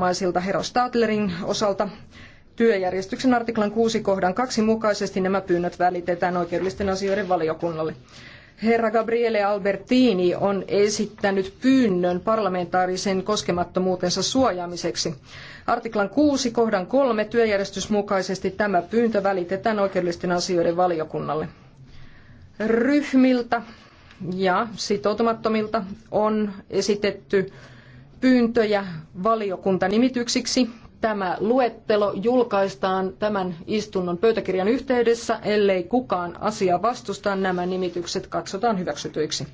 viranomaisilta Hero Stadlerin osalta. Työjärjestyksen artiklan 6 kohdan 2 mukaisesti nämä pyynnöt välitetään oikeudellisten asioiden valiokunnalle. Herra Gabriele Albertini on esittänyt pyynnön parlamentaarisen koskemattomuutensa suojaamiseksi. Artiklan 6 kohdan 3 työjärjestys mukaisesti tämä pyyntö välitetään oikeudellisten asioiden valiokunnalle. Ryhmiltä ja sitoutumattomilta on esitetty pyyntöjä valiokuntanimityksiksi. Tämä luettelo julkaistaan tämän istunnon pöytäkirjan yhteydessä, ellei kukaan asiaa vastusta, nämä nimitykset katsotaan hyväksytyiksi.